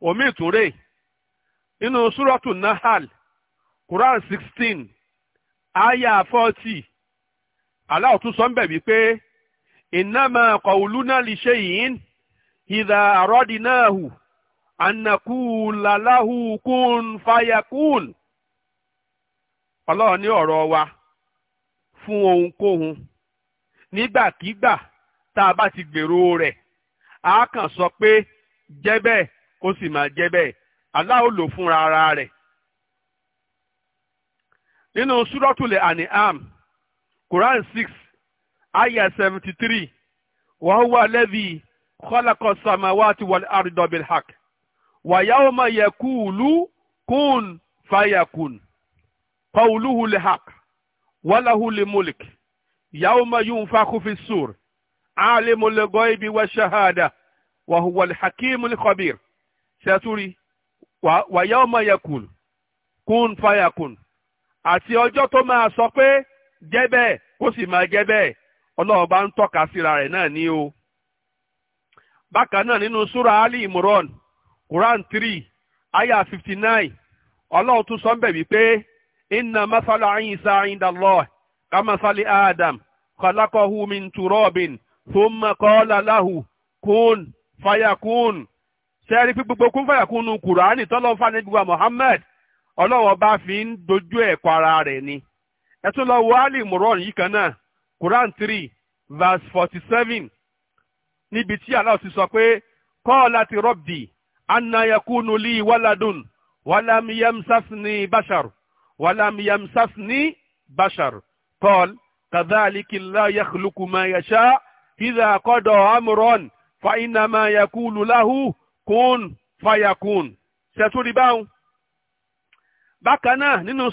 omi ìtúrẹ́ nínú súrọ́tù nahal quran sixteen aya forty aláwọ̀ tún sọ ń bẹ̀ wípé ìnáma kọ̀wùlúnà lè ṣe yìí ìdá àrọ́dínáhù ànàkúùlàláhù ọlọ́run ní ọ̀rọ̀ wa fún ohunkóhun nígbàkígbà tá a ti gbèrò rẹ̀ a kàn sọ pé jẹ́ kó sì máa jẹ́ bẹ́ẹ̀ Allah ó lò fúnra ara rẹ̀. nínú súrọ́tùlẹ̀ An'am Quran six ayah seventy three wa huwa alladhi khalaqa as-samawati wal-arda bil-haqq wa yawma yaqulu kun fayakun qawluhu al-haqq wa lahu al-mulk yawma yunfakhu fi as-sur عالم الغيب والشهادة وهو الحكيم الخبير ṣẹ́túrí wàyá ọmọ yẹ kùn kún fàyà kùn àti ọjọ́ tó máa sọ pé jẹ́ bẹ́ẹ̀ kó sì máa jẹ́ bẹ́ẹ̀ ọlọ́run bá ń tọ́ka síra rẹ̀ náà ní o. bákan náà nínú súra ali imran quran three aya fifty nine ọlọ́run tún sọ inna masala adam khalaqahu min turabin thumma qala lahu kun sẹ́ẹ̀rí pé gbogbo kún fàyàkúnnú kùránì tọ́lọ́ fani gbogbo Muhammad ọlọ́run ọba fi ń dojú ẹ̀kọ́ ara rẹ̀ ni ẹ tún lọ wo Ali Imran yìí kan náà Quran three verse forty seven níbi tí Allah ti sọ pé qalat rabbi anna yakunu li waladun walam yamsasni bashar walam yamsasni bashar qal kadhalika la yasha idha qada amran fa innama yaqulu lahu. Kun fayakun, ṣẹ̀tún rí báwọn. nínú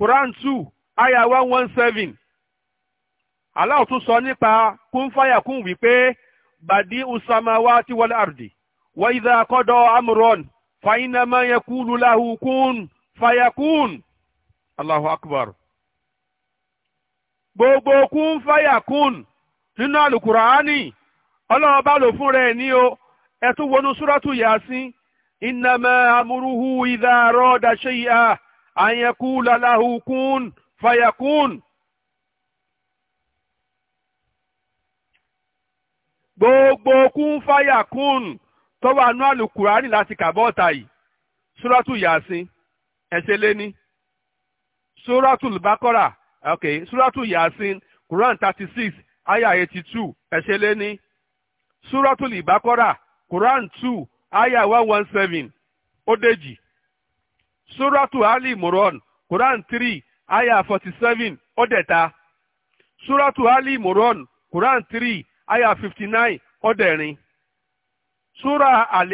Quran two aya one one seven Allah tún sọ nípa kún fàyàkùn wípé bàdí usamawa ti wọlé àrùdì wà ìdá kọ́dọ̀ amúrọ̀n fàyínàmá yakulu lahu kun fayakun, Allahu akbar. Gbogbo kun fayakun, nínú àlùkùránì ọlọ́run bá fún rẹ̀ o ẹ tún wọnú súrátù Yasin innama amruhu idha arada shay'an an yaqula lahu kun fayakun. gbogbo kun fayakun tó wà nú àlùkùránì láti kàbọ̀ ọ̀tà yìí súrátù Yasin ẹsẹ̀ lẹ́ni súrátù Baqara okay súrátù Yasin Quran thirty six ayah eighty two ẹsẹ̀ lẹ́ni súrátù Baqara Quran two ayah one one seven ó dèjì suratu ali imran Quran three ayah forty seven ó dẹ̀ta suratu ali imran Quran three ayah fifty nine ó dẹ̀rin sura al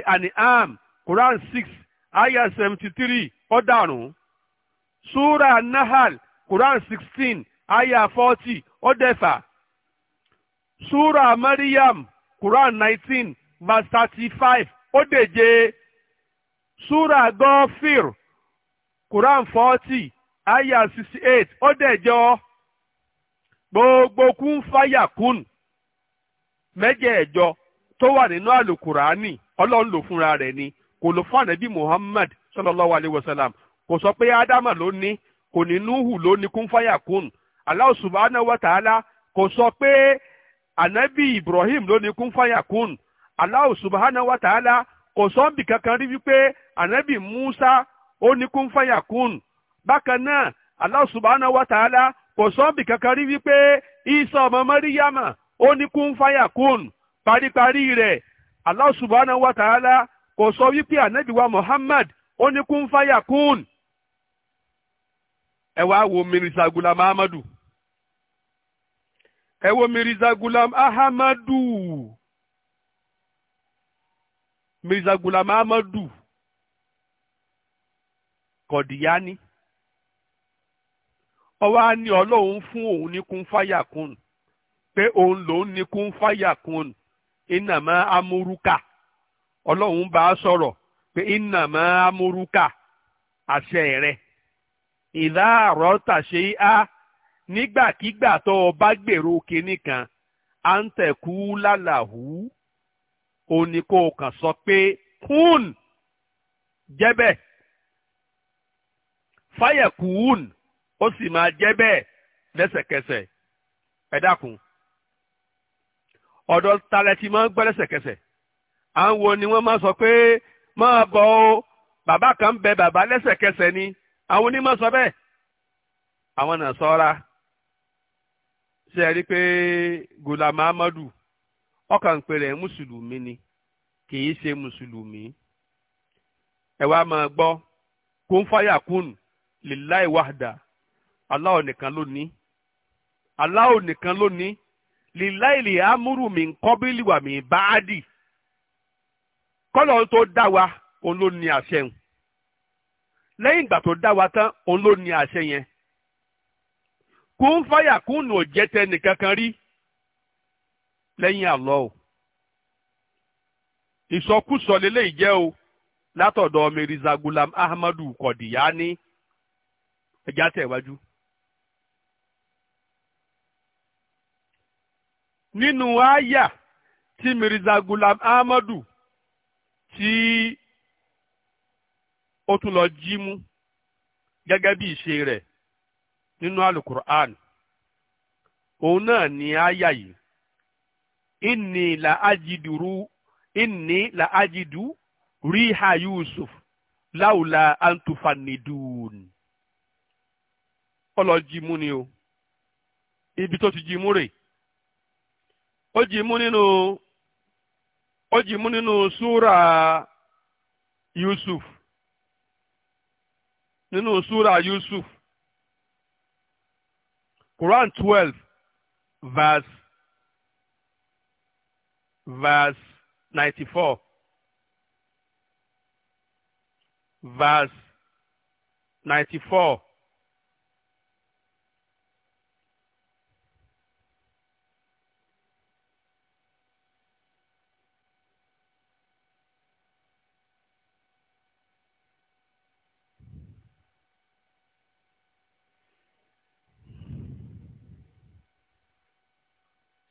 Quran six ayah seventy three ó dàrún nahal Quran sixteen ayah forty ó Surah sura mariam Quran nineteen verse 35, five sura gọ́fìr quran 40, aya 68, Odeje ó dẹ̀jọ gbogbo kún fáyà kún tó wà nínú àlùkùránì ọlọ́run ló fúnra rẹ̀ ni kò fún muhammad sallallahu alayhi wa kò sọ pé adama ló ní kò ní núhù ló ní wa sọ pé anabi ibrahim ló ní faya Allah subhanahu wa ta'ala kò sọ́ǹbì kankan rí wípé ànábì Musa ó ní kún fàyàkùn bákan náà Allah subhanahu wa ta'ala kò sọ́ǹbì kankan rí wípé Isa ọmọ Mọ́ríyàmà ó ní kún fàyàkùn paríparí rẹ̀ Allah subhanahu wa ta'ala kò sọ wípé ànábì wa Muhammad ó ní kún fàyàkùn ẹ wá wo Mirza Gulam Ahmadu ẹ wo Mirza Gulam Ahmadu. Mirza Gulam Ahmadu Kọ̀díyání ọwọ́ á ní ọlọ́run fún òun ní kún fáyà kún pé òun lòun ní kún fáyà kún ìnàmọ́ amúrúkà ọlọ́run bá a sọ̀rọ̀ pé ìnàmọ́ amúrúkà àṣẹ rẹ̀ ìlà àrọ́ tàṣe á nígbàkigbà tó o bá gbèrò kinní kan à ń tẹ̀kú lálàhùú òun ni kó o kàn sọ pé kún jẹ́ bẹ́ẹ̀ fáyẹ̀ kùún ó sì máa jẹ́ bẹ́ẹ̀ lẹ́sẹ̀kẹsẹ̀ ẹ dákun ọ̀dọ̀ talẹ̀ tí máa ń gbọ́ lẹ́sẹ̀kẹsẹ̀ à ń wo ni wọ́n máa sọ pé máa bọ̀ o bàbá kan bẹ bàbá lẹ́sẹ̀kẹsẹ̀ ni àwọn onímọ̀ sọ bẹ́ẹ̀ àwọn náà sọ́ra ṣe é rí i pé Gùlàmù Amadu ọkàn ń pèrè mùsùlùmí ni kì í se mùsùlùmí ẹ wá máa gbọ́ kún fáyà kún lillahi wahda Allah nìkan ló ní Allah nìkan ló ní lillahi li amúrù mi nkọ́bílì wà mí báádì kọ́lọ̀ tó dá wa òun ló ní àṣẹ yẹn lẹ́yìn ìgbà tó dá wa tán òun ló ní àṣẹ yẹn kún fáyà kún ò jẹ́ tẹnìkankan rí. lẹ́yìn àlọ́ o ìsọkúsọ lélẹ́yìí jẹ́ o látọ̀dọ̀ Mirza Ghulam Ahmadu Qadiani ẹja tẹ̀wájú. nínú àyà tí Mirza Ghulam Ahmadu tí ó tún lọ jí mú gẹ́gẹ́ bí ìṣe rẹ̀ nínú alukur'an òun náà ni àyà yìí inni la ajiduru inni la ajidu riha yusuf laula antufanidun ọlọ́jìmú ni o ibi tó ti jìmú rè ó jìmú nínú ó jìmú nínú súra yusuf nínú súra yusuf quran twelve verse verse 94. Verse 94.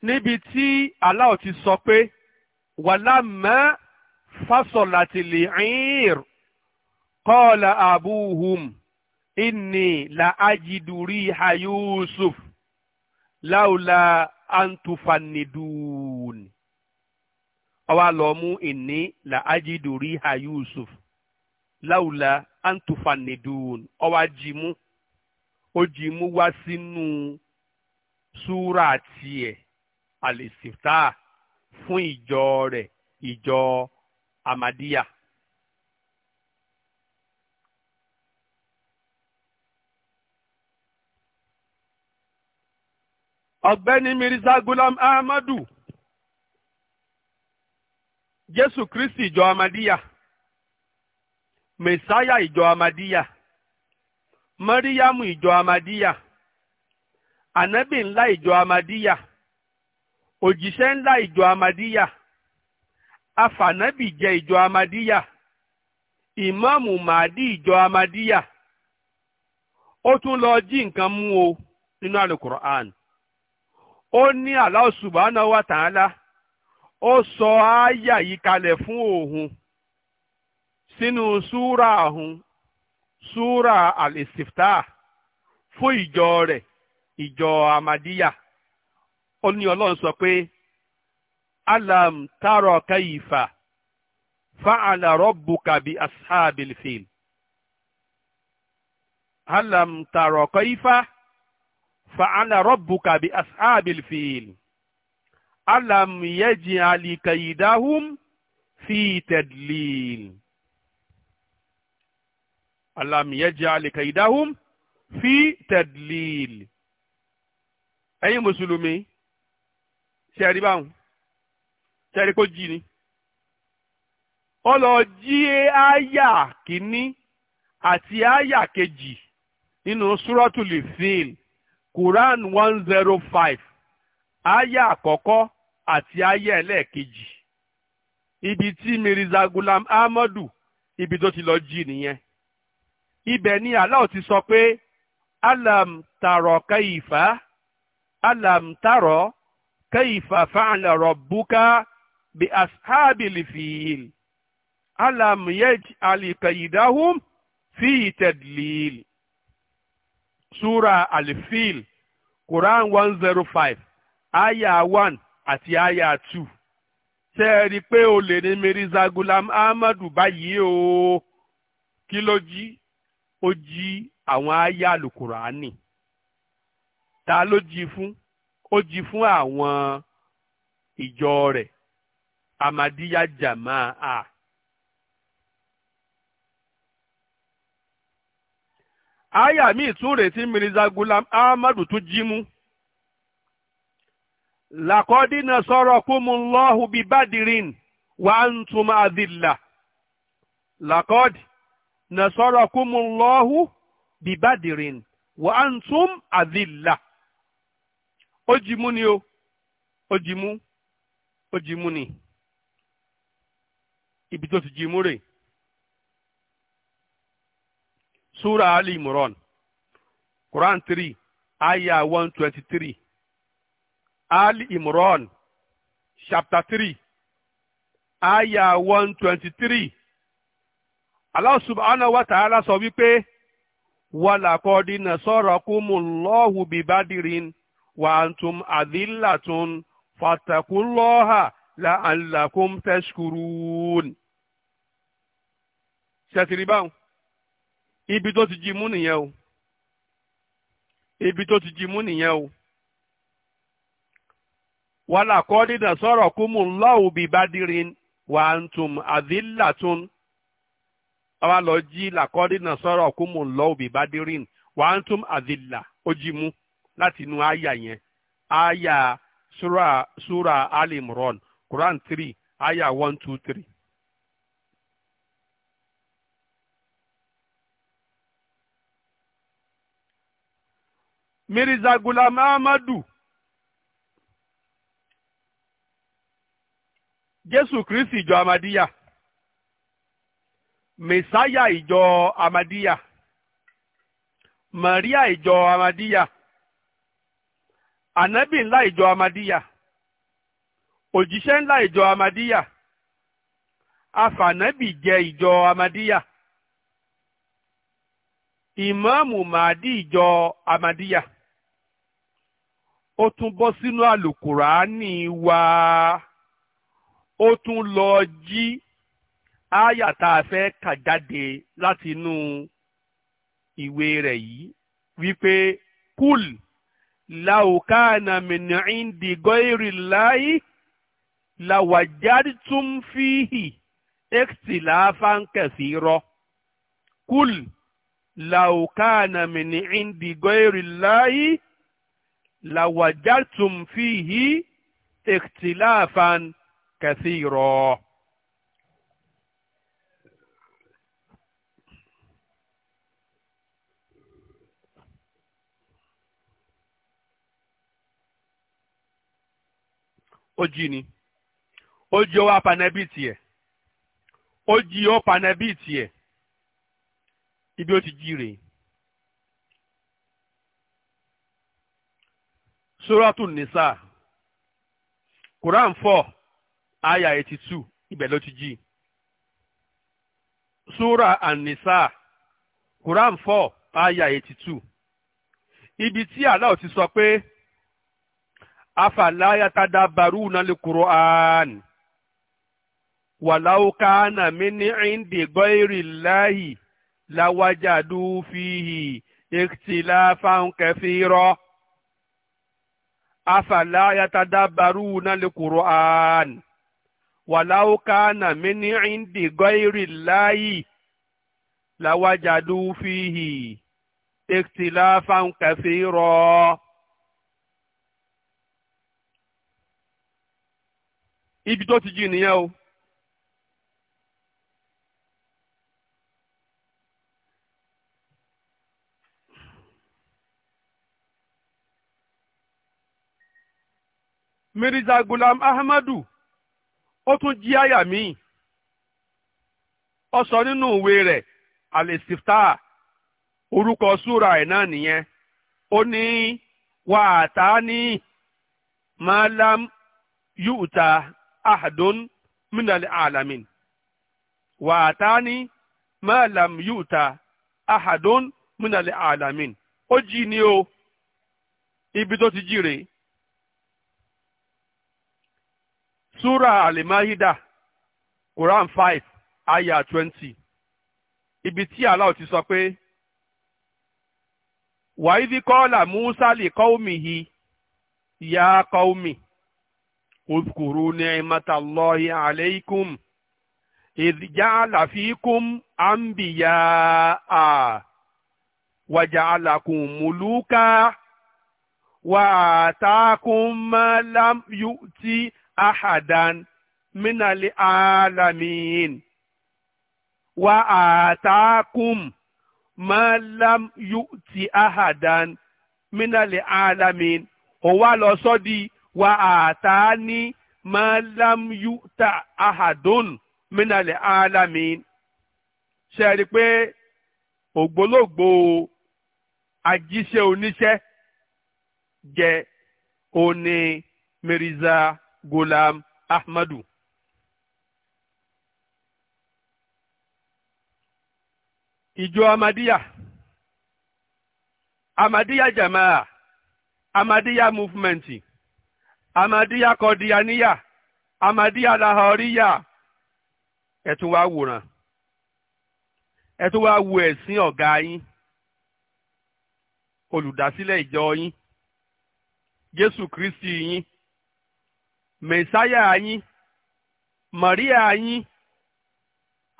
níbi tí Allah ti sọ pé wàlámà fásọ̀látìlì ìr kọ́ọ̀lá àbúhùm inni la ajiduri ha Yusuf láwùlà antufanidun ọwọ́ àlọ́ mú inni la ajiduri ha Yusuf láwùlà antufanidun ọwọ́ ajimu ó jimu wá sínú súrà tiẹ̀ àlèsìtá fún ìjọ rẹ̀ ìjọ amadiya. ọ̀gbẹ́ni mirisa gulam ahmadu jésù kristi ìjọ amadiya mẹsáyà ìjọ amadiya mọ́ríyámù ìjọ amadiya ànábì ńlá ìjọ amadiya. òjíṣẹ́ ńlá ìjọ amadíyà afànábì jẹ ìjọ amadíyà ìmáàmù màdí ìjọ amadíyà ó tún lọ jí nǹkan mú o nínú alukur'an ó ní Allah subhanahu wa ó sọ ááyà yìí kalẹ̀ fún òhun, sínú súra òun súra al-istiftah fún ìjọ rẹ̀ ìjọ amadíyà. ó ní ọlọ́run sọ pé alam taro kaifa fa'ala rabbuka bi ashabil fil alam taro kaifa fa'ala rabbuka bi ashabil fil alam yaj'al kaydahum fi tadlil alam yaj'al kaydahum fi tadlil ẹ̀yin mùsùlùmí ṣe rí báwọn ṣe kó jí ni ó lọ jí àyà kìíní àti àyà kejì nínú súrọ́tùlì fíìl quran one zero five àyà àkọ́kọ́ àti àyà ẹlẹ́ẹ̀kejì ibi tí mirza gulam ahmadu ibi tó ti lọ jí nìyẹn ibẹ̀ ni Allah ti sọ pé alam tarọ̀ kaifa alam tarọ̀. كيف فعل ربك bi ashabil fil alam yaj'al kaydahum fi tadlil sura al-fil 105 آية 1 àti aya 2 ṣe é rí i pé o lè ní mirza gulam ahmadu báyìí o kí ló jí ó jí àwọn aya al-Qur'ani ta ló jí fún ó jí fún àwọn ìjọ rẹ̀ amadiya jamaa aya mi tún retí mirza gulam ahmadu tún jí mú làkọ́dínà sọ̀rọ̀ kúmu lọ́hùn bíi badirin wà ń tún máa dìlà làkọ́dì nà sọ̀rọ̀ kúmu lọ́hùn bíi badirin wà ń tún àdìlà. ó jí mú ni o ó jí mú ó jí mú ni ibi tó ti jí mú rè sura ali imran quran three ayah one twenty three ali imran chapter three ayah one twenty three Allah subhanahu wa ta'ala sọ wípé wàlàkọ́dínà sọ̀rọ̀ kúmùlọ́hù bíbádìrín. وأنتم أذلة فاتقوا الله لعلكم تشكرون ṣẹtìrì báwọn ibi tó ti jí mú nìyẹn o ibi tó ti jí mú nìyẹn o wàhálà kọ́ dídà sọ̀rọ̀ kú mú lọ́wọ́ bíi badirin wà á tún àdílà tún àwa lọ jí làkọ́ dídà sọ̀rọ̀ kú mú bíi badirin wà á tún àdílà ó jí láti inú àyà yẹn àyà sura sura alimron quran three àyà one two three. mirza gulam amadu jésù kristi ìjọ amadiya mẹsáyà ìjọ amadiya maria ìjọ amadiya ànábì ńlá ìjọ amadíyà òjíṣẹ́ ńlá ìjọ amadíyà afànábì jẹ ìjọ amadíyà ìmáàmù màdí ìjọ amadíyà ó tún bọ́ sínú ní wa ó tún lọ jí áyà tá a fẹ́ kà jáde látinú ìwé rẹ̀ yìí wípé kúlù. Cool. láwùkánà mìíràn dìgọ́ìrì láyé làwàjádìtún fíhì ẹ̀kìtìláfán kẹsì rọ. kúl láwùkánà mìíràn dìgọ́ìrì láyé làwàjádìtún fíhì ẹ̀kìtìláfán kẹsì rọ. ó jí ni ó jí ó wá panẹ́bí tiẹ̀ ó jí ó panẹ́bí ibi ó ti jí rèé. Suratul Nisa Quran 4, aya eighty ibe ibẹ̀ ló ti jí. Sura An-Nisa Quran 4, aya eighty two ibi tí Allah ti sọ pé afala yatadabbaruna al-Qur'an walau kana min indi ghairi llahi lawajadu fihi ikhtilafan kathira afala yatadabbaruna al-Qur'an walau kana min indi ghairi llahi lawajadu fihi ikhtilafan kathira. ibi tó ti jí o. Mirza Gulam Ahmadu ó tún jí àyà míì ó sọ nínú ìwé rẹ̀ Al-Istiftah orúkọ súra ẹ̀ náà nìyẹn ó ní wàá tá a ní malam yúùta ahadun minal alamin wa atani ma lam yuta ahadun minal alamin ó jí ni o ibi tó ti jí rèé sura alimahida quran five aya twenty ibi tí Allah ti sọ pé wàá ibi kọ́ọ̀là musa lè kọ́ omi yìí ìyá kọ́ omi. اذكروا نعمة الله عليكم إذ جعل فيكم أنبياء وجعلكم ملوكا وآتاكم ما لم يؤت أحدا من العالمين وآتاكم ما لم يؤت أحدا من العالمين هو لو wà àtà ní mọ́lámúyúta ahadun mínàlẹ̀ alamin ṣe rí i pé ògbólógbò ajíṣẹ́ oníṣẹ́ jẹ òní mirza gulam ahmadu. ijo amadiya amadiya jamaa amadiya movement amadiya kọdíyaníyà amadiya lahọríyà ẹ wa wá wòran ẹ tún wá wo ẹ̀sìn ọ̀gá yín olùdásílẹ̀ ìjọ yín jésù kristi yín mẹsáyà yín màríà yín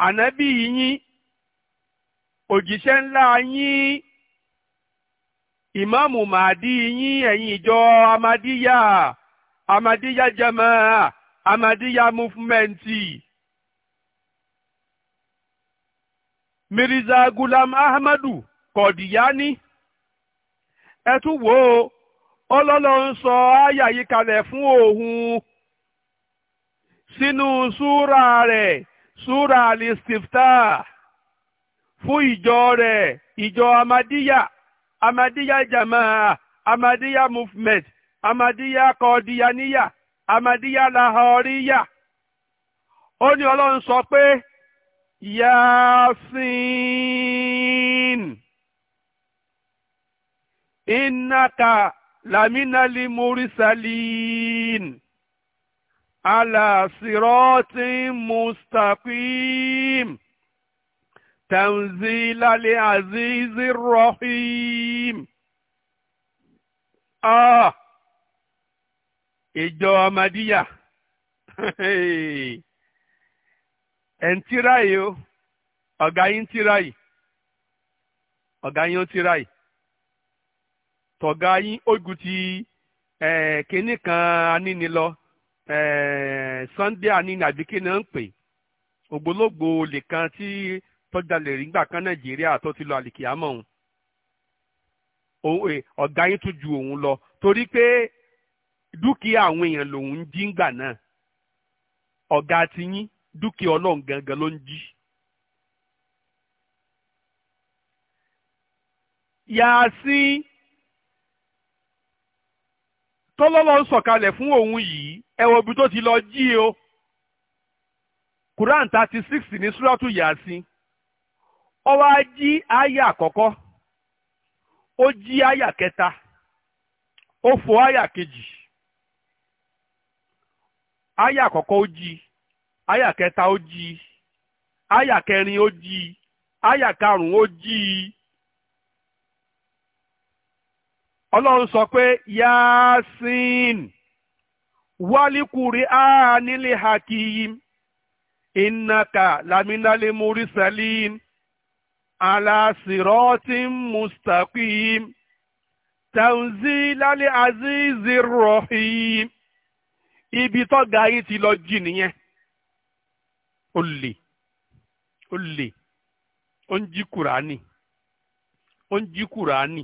ànábì yín òjíṣẹ́ ńlá yín ìmáàmù màdí yín ẹ̀yin ìjọ amadíyà Amadiya Jama'a Amadiya movement Mirza Gulam Ahmadu kọdiyani. ẹ tún Nsọ ó ọlọ́lọ́ fún òhun. sínú súra rẹ̀ súra alistifta fún ìjọ rẹ ìjọ amadiya amadiya jamaa amadiya movement amadiya kọdiyaniya amadiya lahoriya ó ní ọlọ́run sọ pé yasin innaka laminali murisalin ala siroti mustaqim tanzilali azizi rahim. Ah. ìjọ amadiya ẹ̀ ẹ tíráyì o ọ̀gá yín ọgá tíráyì yín ó tíráyì tọ̀gá yín kínní kan lọ Sunday àbí ń pè ògbólógbò olè kan tí ti lọ òun ọgá yín tún ju lọ torí pé dúkìá àwọn èèyàn lòun ń jí ngbà náà ọ̀gá ti yín dúkìá ọlọ́run gangan ló ń jí. Yàásín tọ́lọ́lọ́ ń sọ̀kalẹ̀ fún òun yìí ẹ̀wọ̀n ibi tó ti lọ jí o Quran thirty six ní Súràtù Yàásín ó wá jí àyà àkọ́kọ́ ó jí àyà kẹta ó fò àyà kejì. aya àkọ́kọ́ ó jí aya kẹta ó jí aya kẹrin pé jí aya karùn-ún ó jí ọlọ́run sọ pé yasin wálíkùrí ánílé hakim ìnaka laminale murisalin alasirotin mustaqim tanzilale azizi ibi tọ́gà yín ti lọ jí nìyẹn ó lè ó lè ó ń jí kùránì ó ń jí kùránì.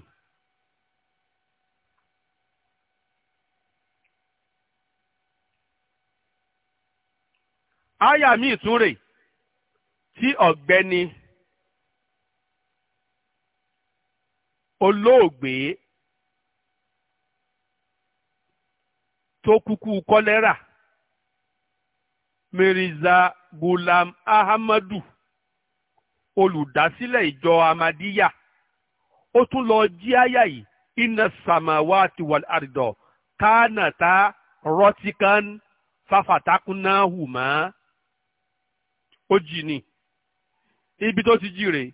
àyà mi tún rè tí ọ̀gbẹ́ni olóògbé tó kúkú kọ́lẹ́rà mirza gulam ahmadu olùdásílẹ̀ ìjọ amadiya ó tún lọ jí àyà yìí iná sàmáwá àti wàl àrídọ̀ kánà rọtíkan fàfàtàkùnà hùmá ó jì ní ibi tó ti jí rèé